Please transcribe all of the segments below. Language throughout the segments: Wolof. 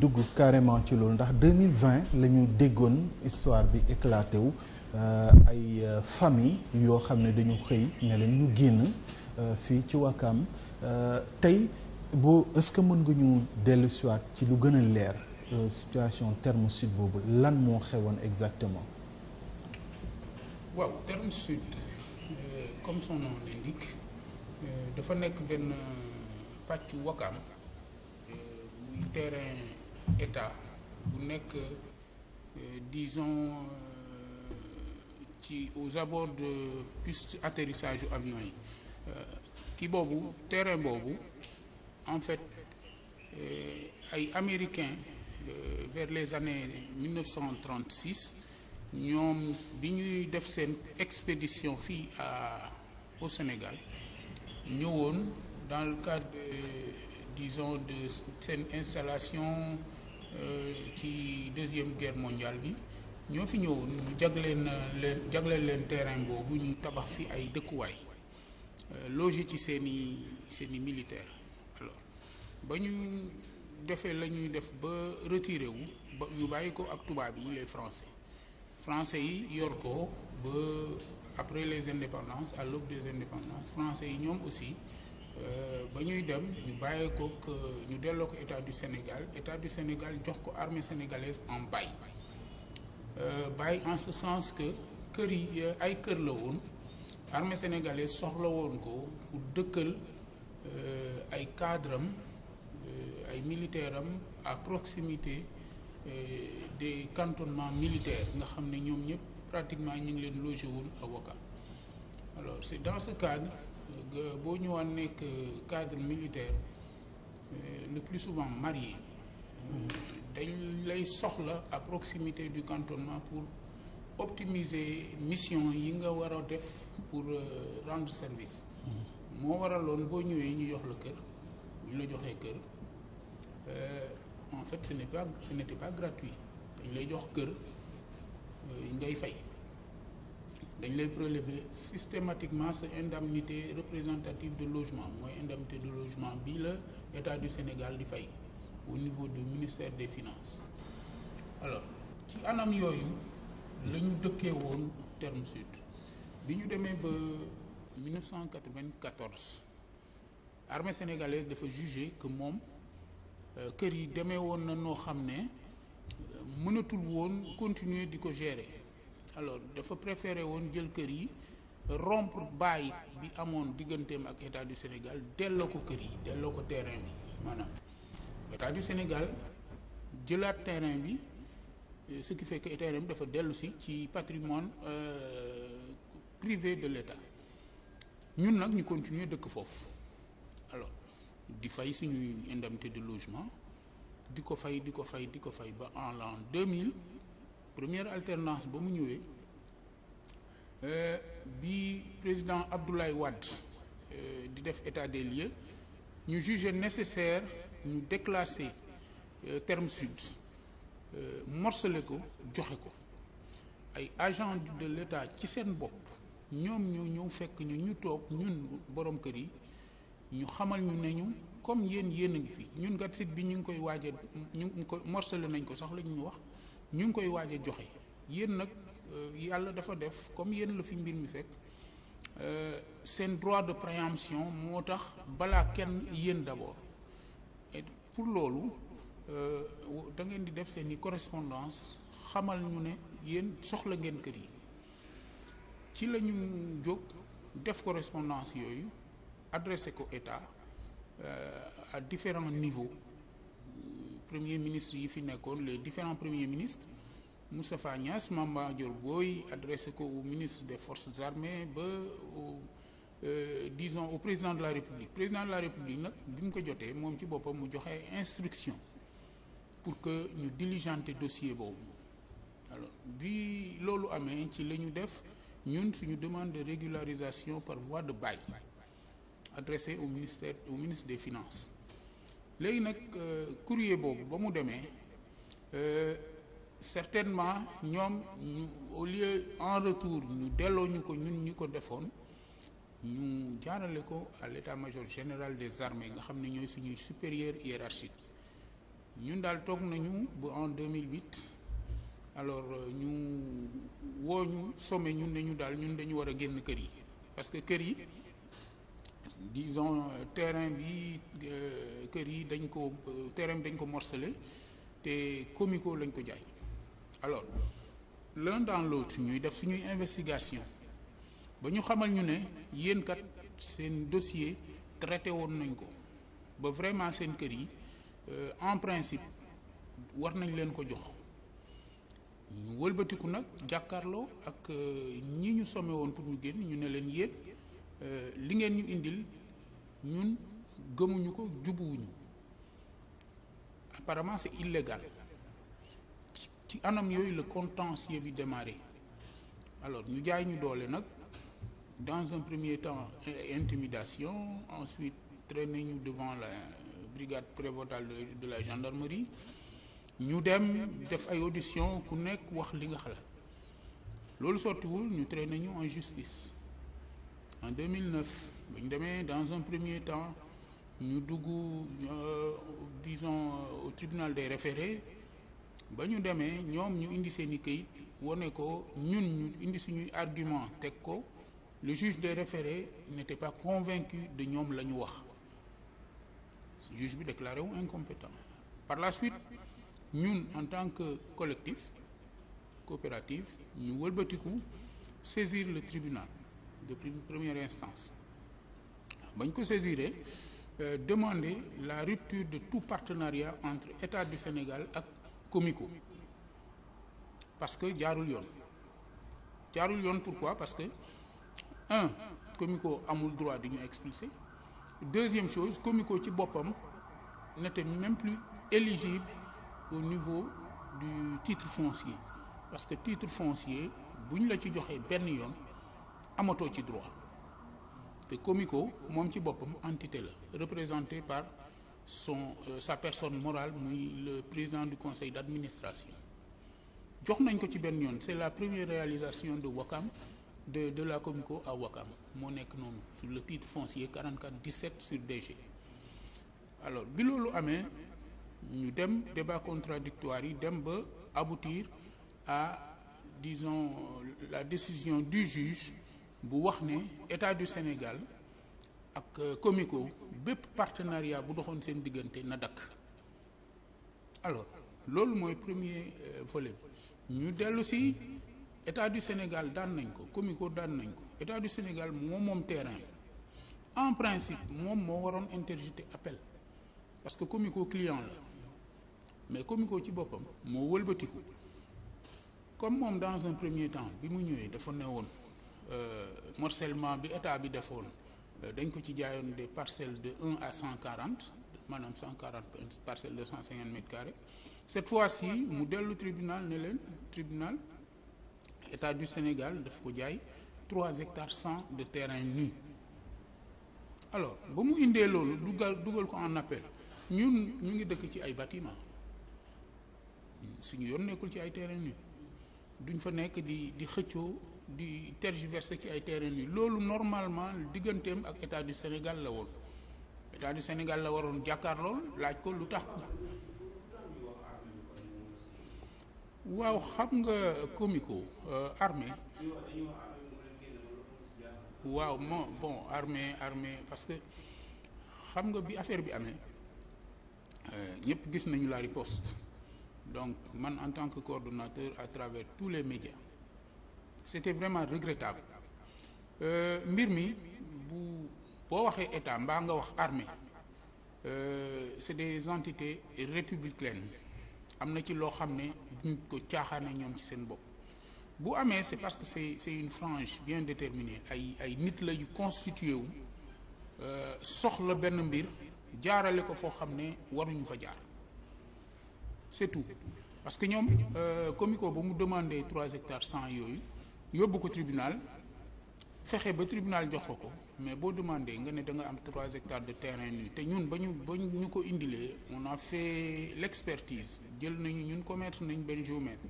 dugg carrément ci loolu ndax 2020 la ñu déggoon histoire bi éclaté wu euh, ay euh, famille yoo xam ne dañu xëy ne leen ñu génn euh, fii ci Wakaam tey boo est-ce que mën nga ñu dellu siwaat ci lu gën a leer situation terme sud boobu lan moo xewoon exactement waaw terme sud euh, comme son nom l'indique dafa nekk benn pàccu Wakaam terrain état bu nekk euh, disons euh, ci aux abords de piste atterrissage yu avion yi euh, ki boobu terrain boobu en fait ay américains vers les années 1936 ñoom bi ñuy def seen expédition fii à au Sénégal ñëwoon dans le cadre de, disons de seen installation Euh, ci deuxième guerre mondiale bi ñoo fi ñëwoon ñu jagleen leen jagleel leen terrain boobu ñu tabax fi ay dëkkuwaay euh, loger ci seeni seeni militaire alors ba ñu defee la ñuy def ba retiré wu ba ñu bàyyi ko ak tubaab yi les français français yi yor ko ba après les indépendances à l'aube des indépendances français yi ñoom aussi Euh, ba ñuy dem ñu bàyyee ko euh, ñu delloo ko état du Sénégal état du Sénégal jox ko armée sénégalaise en bail euh, bail en ce sens que kër yi ay kër la woon armée sénégalaise soxla woon ko pour dëkkal ay cadre ay militaire am à proximité des cantonnements militaires nga xam ne ñoom ñëpp pratiquement ñu ngi leen logé woon à Ouakam alors c'est dans ce cadre Euh, boo ñëwaan nekk euh, cadre militaire euh, le plus souvent marié dañ lay soxla à proximité du cantonnement pour optimiser mission yi nga war a def pour rendre service moo waraloon boo ñëwee ñu jox la kër bu ñu la joxee kër en fait ce n'est pas ce n'était gratuit dañ lay jox kër ngay fay dañ lay prélever systématiquement sa indemnité représentative de logement mooy indemnité de logement bii la état du Sénégal di fay au niveau du ministère des finances alors ci anam yooyu la ñu dëkkee woon terme sud bi ñu demee ba 1994 armée sénégalaise dafa jugé que moom euh, kër yi demee woon na noo xam ne euh, mënatul woon continuer di ko gérer alors dafa préféré woon jël kër yi rompre bàyyi bi amoon digganteem ak état du Sénégal delloo ko kër yi delloo ko terrain bi maanaam état du Sénégal jëlaat terrain bi euh, ce qui fait que terrain bi dafa dellusi si ci patrimoine euh, privé de l'État ñun nag ñu continuer dëkk foofu alors di fay suñuy indemnité de logement di ko fay di ko fay di ko fay ba en l'an 2000 première alternance ba mu ñëwee euh, bi président Abdoulaye Wade euh, di def état des lieux ñu jugé nécessaire ñu déclasser euh, terme sud morcelé ko joxe ko ay agents de l'État ci seen bopp ñoom ñoo ñëw fekk ñu ñu toog ñun borom kër yi ñu xamal ñu ne ñu comme yéen yéen a ngi fi ñun kat site bi ñu ngi koy waaje ñu ngi ko morcelé nañ ko sax la ñu wax ñu ngi koy waaje joxe yéen nag euh, yàlla dafa def comme yéen la fi mbir mi fekk euh, seen droit de préemption moo tax balaa kenn yéen d'abord et pour loolu euh, da ngeen di def seen i correspondance xamal ñu ne yéen soxla ngeen kër yi ci la ñu jóg def correspondance yooyu adressé ko état à différents niveau premier ministre yi fi nekkoon les différents premiers ministres Moustapha Niass Mame Madior booy adressé ko au ministre des forces armées ba au euh, disons au président de la république président de la république nag bi mu ko jotee moom ci boppam mu joxe instruction pour que ñu diligenter dossier boobu alors bi loolu amee ci la ñu def ñun suñu demande de régularisation par voie de bail adressée au ministère au ministre des finances léegi nag euh, courrier boobu ba mu demee euh, certainement ñoom ñu au lieu en retour ñu delloo ñu ko ñun ñu ko defoon ñu jaarale ko à l'état-major général des armées nga xam ne ñooy suñuy supérieur hiérarchique ñun daal toog nañu ba en 2008 alors euh, ñu woo ñu somme ñun ne ñu daal ñun dañu war a génn kër yi parce kër yi disons euh, terrain bi euh, kër yi dañ ko euh, terrain bi dañ ko morcelé te comico lañ ko jaay alors l'un dans l'autre ñuy def suñuy investigation ba ñu xamal ñu ne yéen kat seen dossier traité woon nañ ko ba vraiment seen kër yi en principe war nañ leen ko jox ñu wëlbatiku nag jàkkaarloo ak ñi ñu somme woon pour ñu génn ñu ne leen yéen Euh, li ngeen ñu indil ñun gëmuñu ko jubuwuñu apparemment c'est illégal ci anam yooyu le contentieux bi démarré alors ñu jaay ñu doole nag dans un premier temps euh, intimidation ensuite traîné ñu devant la brigade prévôtale de la gendarmerie ñu dem def ay audition ku nekk wax li nga xalaat loolu sottiwul ñu traîné ñu en justice en 2009 bu ñu demee dans un premier temps ñu dugg euh, disons euh, au tribunal des référés ba ñu demee ñoom ñu indi seen i këyit wane ko ñun ñu indi suñuy argument teg ko le juge des référés n'était pas convaincu de ñoom la ñu wax juge bi déclaré wu incompétent par la suite ñun en tant que collectif coopérative ñu wëlbatiku saisir le tribunal de première instance bañ ko saisiré euh, demander la rupture de tout partenariat entre État du Sénégal ak Comico parce que jaarul yoon jaarul yoon pourquoi parce que un Comico amul droit di ñu deuxième chose Comico ci boppam n'était même plus éligible au niveau du titre foncier parce que titre foncier bu ñu la ci joxee benn yoon amatoo ci droit te Comico moom ci boppam entité la représenté par son euh, sa personne morale muy le président du conseil d'administration jox nañ ko ci benn yoon c'est la première réalisation de Wakam de de la Comico à Wakam moo nekk noonu sur le titre foncier 44 17 sur DG alors bi loolu amee ñu dem débat contradictoire yi dem ba aboutir à disons la décision du juge bu wax ne état du Sénégal ak euh, Comico bépp partenariat bu doxoon seen diggante na dakk alors loolu mooy premier euh, volet ñu dellu état du Sénégal daan nañ ko Comico daan nañ ko état du Sénégal moom moom terrain en principe moom moo waroon interjeter appel parce que Comico client la mais Comico ci boppam moo wëlbatiku comme moom dans un premier temps bi mu ñëwee dafa ne woon Euh, morcellement bi état bi defoon euh, dañ ko ci jaayoon des parcelle de un à cent quarante maanaam cent quarante parcelles de cent cinquante mètres carrés cette fois-ci mu dellu tribunal ne leen tribunal état du Sénégal daf ko jaay trois hectares cent de terrain nu alors ba mu indee loolu dugal dugal ko en appel ñun ñu ngi dëkk ci ay bâtiment suñu yoon nekkul ci ay terrain nu duñ fa nekk di di xëccoo di tergiverser ci ay terrain yi loolu normalement digganteem ak état du Sénégal la woon état du Sénégal la waroon jàkkaar lool laaj ko lu tax waaw xam nga komiko euh, armée waaw moo bon armée armée parce que xam nga bi affaire bi amee euh, ñëpp gis nañu la riposte donc man en tant que coordonnateur à travers tous les médias c'était vraiment regrettable euh, mbir mi bu boo waxee état mbaa nga wax armée euh, c'est des entités républicaines am na ci loo xam ne duñ ko caaxaane ñoom ci seen bopp bu amee c'est parce que c'est c'est une frange bien déterminée ay ay nit la yu constitué wu euh, soxla benn mbir jaarale ko foo xam ne waruñu fa jaar c'est tout parce que ñoom comico ba mu demandé trois hectares cent yooyu yóbbu ko tribunal fexe ba tribunal jox ko ko mais boo demandé nga ne da nga am trois hectares de terrain nii te ñun ba ñu ba ñu ko indilee on a fait l'expertise jël nañu ñun commettre nañ benn géomètre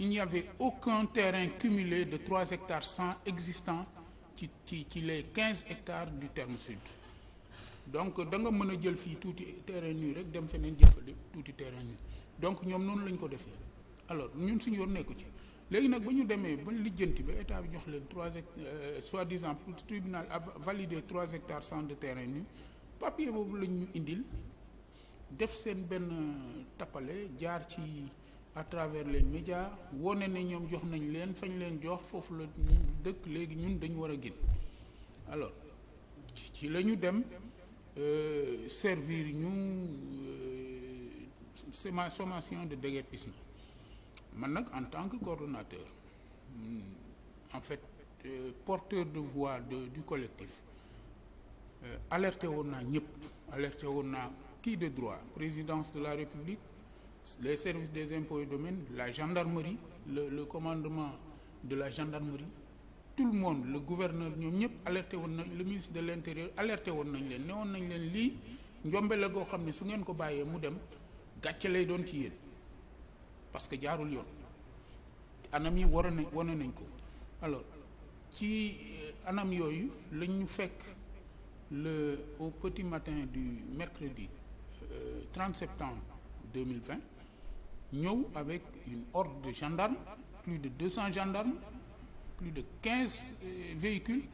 il n'y avait aucun terrain cumulé de trois hectares cent existant ci ci ci les quinze hectares du terme sud donc da nga mën a jël fii tuuti terrain nu rek dem feneen jël fa tuuti terrain nu donc ñoom noonu lañ ko defee alors ñun suñu yoon nekku ci léegi nag ba ñu demee ba lijjanti ba état bi jox leen trois hectares euh, soi-disant pour tribunal a validé trois hectares cent de terrain nu papier boobu lañ ñu indil def seen benn euh, tappale jaar ci à travers les médias wone ne ñoom jox nañ leen fañ leen jox foofu la dëkk léegi ñun dañu war a génn alors ci la ñu dem euh, servir ñu sommation de déguerpissement man nag en tant que coordonnateur hmm, en fait euh, porteur de voix de du collectif euh, alerte woon naa ñëpp alerte woon naa kii de droit présidence de la république les services des impôts de domaines la gendarmerie le le commandement de la gendarmerie tout le monde le gouverneur ñoom ñëpp alerté woon nañ le ministre de l'intérieur alerté woon nañ leen ne woon nañ leen lii njombe la goo xam ne su ngeen ko bàyyee mu dem gàcce lay doon ci yéen parce que jaarul yoon anam yi waroon nañ wane nañ ko alors ci euh, anam yooyu la ñu fekk le au petit matin du mercredi euh, 30 septembre 2020 ñëw avec une horde de gendarmes plus de 200 plus de 15 euh, véhicules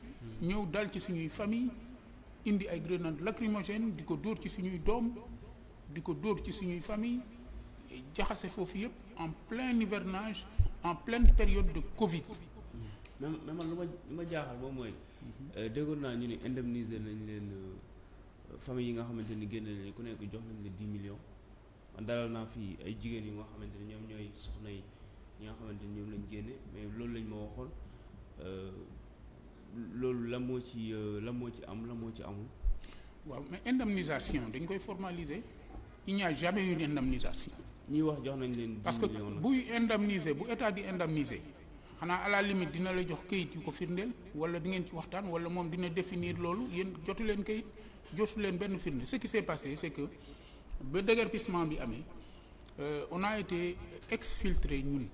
ñëw dal ci suñuy famille indi ay grenades lacrymogènes di ko dóor ci suñuy doom di ko dóor ci suñuy famille jaxase foofu yëpp en plein hivernage en pleine période de Covid. même même lu ma lu ma jaaxal moom mooy. Euh, déggoon naa ñu ne indemniser nañ leen euh, famille yi nga xamante ni génn nañ ku nekk jox nañ la dix millions dalal naa fii ay jigéen yi nga xamante ni ñoom ñooy soxna yi ñi xamante ni ñoom lañu génne mais loolu lañ ma waxoon euh, loolu la moo ci la moo ci am la moo ci amul. waaw mais indemnisation dañ koy formaliser. il n'y a jamais eu d'indemnisation. wax jox nañ leen. parce que buy indemniser bu état di indemniser xanaa à la dina la jox kayit yu ko firndeel wala di ngeen ci waxtaan wala moom dina définir loolu yéen jotu leen kayit jotu leen benn firnde ce qui s'est passé c'est que ba déguerpissement bi amee euh, on a été exfiltré ñun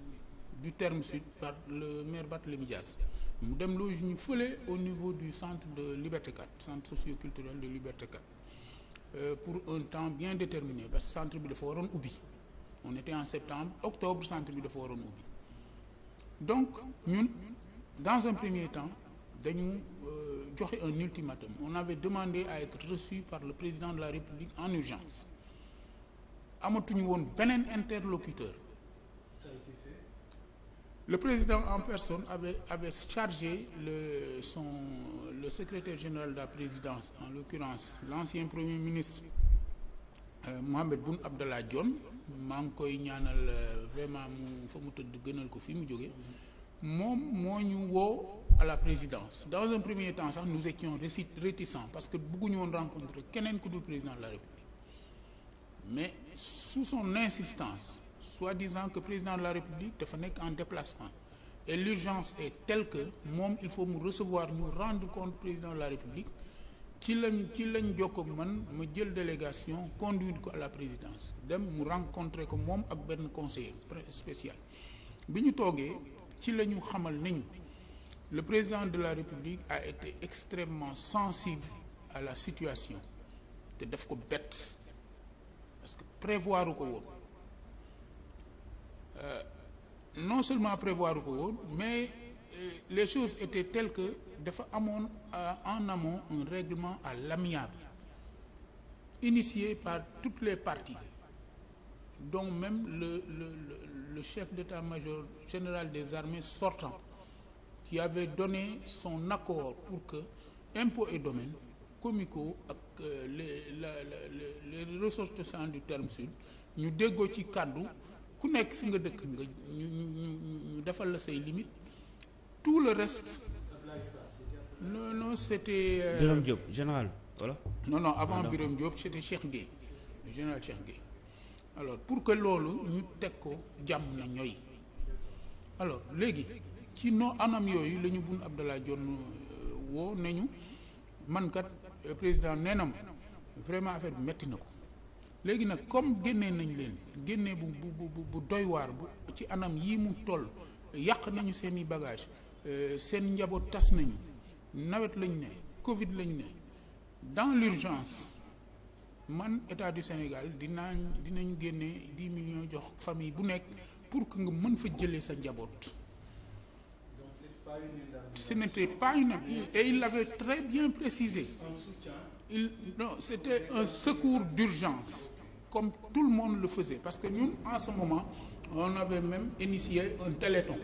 du terme sud par le maire Barthélémy Dias mu dem loge ñu fële au niveau du centre de Liberté 4 centre socio-culturel de Liberté 4 Euh, pour un temps bien déterminé parce que centre bi dafa waroon ubbi on était en septembre octobre centre bi dafa waroon ubbi donc ñun dans un premier temps dañu euh, joxe un ultimatum on avait demandé à être reçu par le président de la République en urgence amatuñu woon beneen interlocuteur Le président en personne avait, avait chargé le, son, le secrétaire général de la présidence, en l'occurrence l'ancien Premier ministre euh, Mohamed Boun Abdallah Dionne maa ngi koy ñaanal euh, vraiment mu fa mu tëdd gënal ko fi mu jóge moom moo ñu woo à la présidence dans un premier temps sax nous étions réticents parce que bëgguñu woon rencontrer keneen ku dul président de la République mais sous son insistance soi-disant que président de la république dafa nekk en déplacement et l'urgence est telle que moom il faut mu recevoir ñu rendre compte président de la république ci lañ ci lañ jokk man ma jël délégation conduire ko à la présidence dem mu rencontrer ko moom ak benn conseiller spécial bi ñu toogee ci la ñu xamal nañu le président de la république a été extrêmement sensible à la situation te daf ko bett parce que prévoir ko woon Euh, non seulement prévoir ko woon mais euh, les choses étaient telles que dafa amoon euh, en amont un règlement à l'amiable initié par toutes les parties donc même le le le, le chef d'état-major général des armées sortant qui avait donné son accord pour que impôts et domaines comico ak les la, la, la les ressortissants du terme sud ñu déggoo ci kàddu ku nekk fi nga dëkk nga ñu ñu ñu defal la say limite tout le reste non non c'était euh... Birame Diop général voilà non avant Birame Diop c'était Cheikh Gueye général Cheikh Gueye alors pour que loolu ñu teg ko jàmm na ñooy alors léegi ci no anam yooyu la ñu bun Abdallah Dionne euh, woo nañu man kat euh, président nee na vraiment affaire bi metti na ko léegi nag comme génnee nañ leen génnee bu bu bu bu doy waar bu ci anam yii mu toll yàq nañu seen i bagage euh, seen njaboot tas nañu nawet lañ ne Covid lañ ne dans l'urgence man état du Sénégal dinaañ dinañ génnee dix millions jox famille bu nekk pour que nga mën fa jëlee sa njaboot. ce n'était pas na et il l'avait très bien précisé il non c'était un secours d'urgence comme tout le monde le faisait parce que ñun en ce moment on avait même initié un téléthon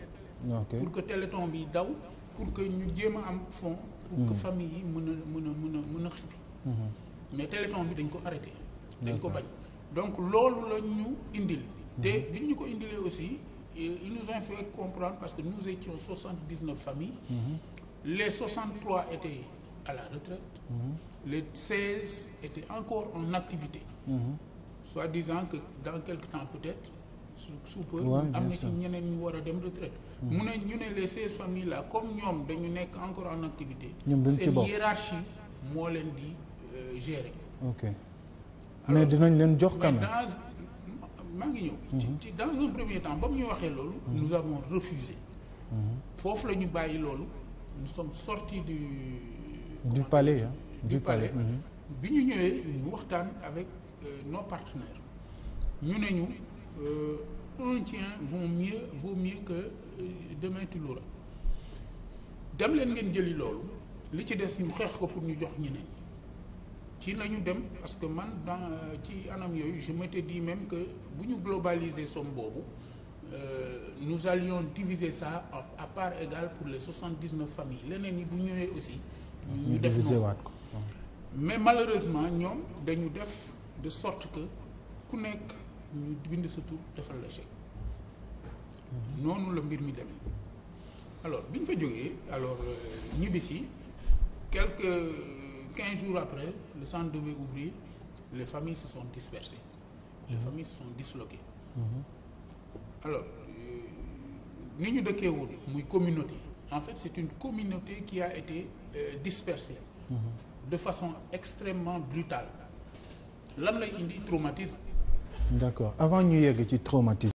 ah, okay. pour que téléthon bi daw pour que ñu jéem a am fonds pour que hmm. famille yi mun a mun a mun a mën a xippi hmm. mais téléthon bi dañ ko arrêté dañ ko bañ donc loolu la ñu indil hmm. te bi ñu ko indilee aussi euh, ils nous ont fait comprendre parce que nous étions soixante-dix-neuf famille les soixante-trois étaient à la retraite mmh. les seize étaient encore en activité soit disant que dans quelque temps peut-être su su peu am na ci ñeneen ñu war a dem retraite hmm. mu ne ñu ne les seize familles là comme ñoom dañu nekk encore en activité seen hiérarchie moo leen di euh, gérer ok mais dinañ leen jox quand même maa ngi ñëw hmm. ci ci dans un premier temps ba mu ñu waxee loolu hmm. nous avons refusé foofu la ñu bàyyi loolu nous sommes sortis du du palais hein? du palais bi ñu ñëwee ñu waxtaan avec Euh, nos partenaires ñu ne ñu euh, un tien vaut mieux vaut mieux que euh, demain tu l'auras dem leen ngeen jëli loolu li ci des ñu xeex ko pour ñu jox ñeneen ci la ñu dem parce que man dans ci anam yooyu je m'étais dit même que bu ñu globaliser somme boobu nous allions diviser ça à part égale pour les soixante dix neuf familles leneen yi bu ñëwee aussi. ñu def noonu mais malheureusement ñoom dañu def. de sorte que ku nekk ñu bind sa tur defal la chèque mhm. noonu la mbir mi demee alors bi ñu fa jógee alors euh, ñibbisi quelques quinze jours après le centre devait ouvrir les familles se sont dispersées les mhm. familles se sont disloquées mhm. alors euh, ni ñu dëkkee woon muy communauté en fait c'est une communauté qui a été euh, dispersée de façon extrêmement brutale lan lay indi traumatisme. d'accord avant ñu yegg ci traumatisme.